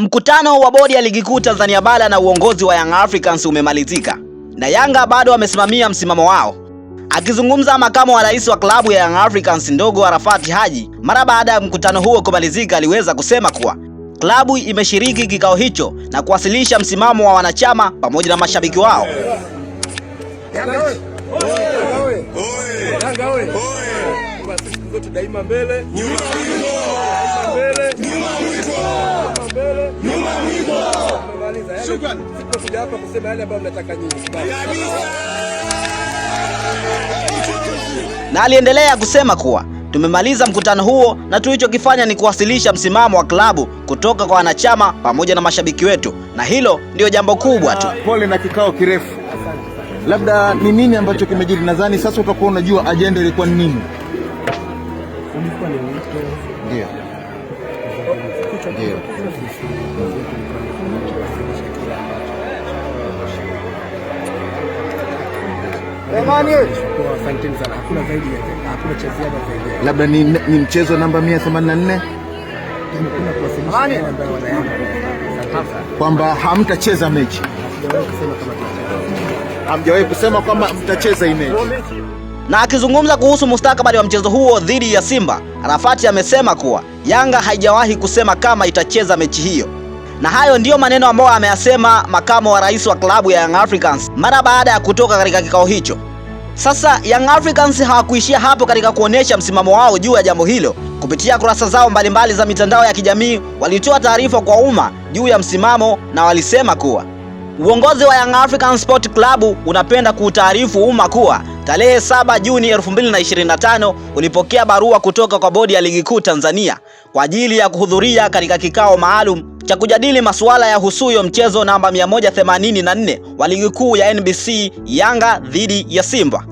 Mkutano wa bodi ya ligi kuu Tanzania bara na uongozi wa Young Africans umemalizika na Yanga bado wamesimamia msimamo wao. Akizungumza makamu wa rais wa klabu ya Young Africans ndogo Arafati Haji mara baada ya mkutano huo kumalizika, aliweza kusema kuwa klabu imeshiriki kikao hicho na kuwasilisha msimamo wa wanachama pamoja na mashabiki wao. Na aliendelea kusema kuwa tumemaliza mkutano huo na tulichokifanya ni kuwasilisha msimamo wa klabu kutoka kwa wanachama pamoja na mashabiki wetu, na hilo ndio jambo kubwa tu. Ah, pole na kikao kirefu. Labda ni nini ambacho kimejiri? Nadhani sasa utakuwa unajua ajenda ilikuwa ni nini. Ndio ndio labda ni, ni mchezo namba 184 kwamba hamtacheza mechi, hamjawahi kusema kwamba mtacheza hii mechi. Na akizungumza kuhusu mustakabali wa mchezo huo dhidi ya Simba, Rafati amesema kuwa Yanga haijawahi kusema kama itacheza mechi hiyo. Na hayo ndiyo maneno ambayo ameyasema makamo wa rais wa klabu ya Young Africans mara baada ya kutoka katika kikao hicho. Sasa Young Africans hawakuishia hapo katika kuonyesha msimamo wao juu ya jambo hilo. Kupitia kurasa zao mbalimbali za mitandao ya kijamii, walitoa taarifa kwa umma juu ya msimamo na walisema kuwa Uongozi wa Young African Sport Club unapenda kuutaarifu umma kuwa tarehe 7 Juni 2025 ulipokea barua kutoka kwa bodi ya ligi kuu Tanzania kwa ajili ya kuhudhuria katika kikao maalum cha kujadili masuala ya husuyo mchezo namba 184 wa ligi kuu ya NBC Yanga dhidi ya Simba.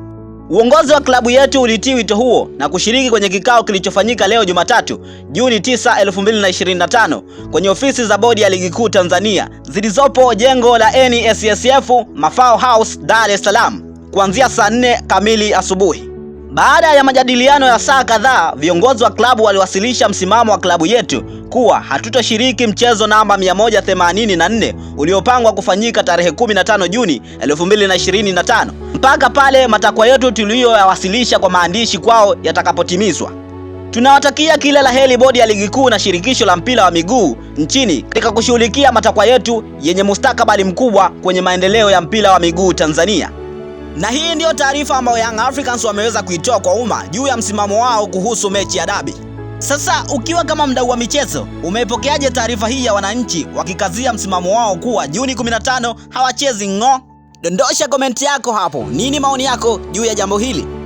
Uongozi wa klabu yetu ulitii wito huo na kushiriki kwenye kikao kilichofanyika leo Jumatatu, Juni 9, 2025 kwenye ofisi za Bodi ya Ligi Kuu Tanzania zilizopo jengo la NSSF e Mafao House, Dar es Salaam kuanzia saa 4 kamili asubuhi. Baada ya majadiliano ya saa kadhaa, viongozi wa klabu waliwasilisha msimamo wa klabu yetu kuwa hatutoshiriki mchezo namba 184 uliopangwa kufanyika tarehe 15 Juni 2025 mpaka pale matakwa yetu tuliyoyawasilisha kwa maandishi kwao yatakapotimizwa. Tunawatakia kila la heri Bodi ya Ligi Kuu na Shirikisho la Mpira wa Miguu nchini katika kushughulikia matakwa yetu yenye mustakabali mkubwa kwenye maendeleo ya mpira wa miguu Tanzania. Na hii ndiyo taarifa ambayo Young Africans wameweza kuitoa kwa umma juu ya msimamo wao kuhusu mechi ya dabi. Sasa ukiwa kama mdau wa michezo, umeipokeaje taarifa hii ya wananchi wakikazia msimamo wao kuwa Juni 15 hawachezi ng'o? Dondosha komenti yako hapo. Nini maoni yako juu ya jambo hili?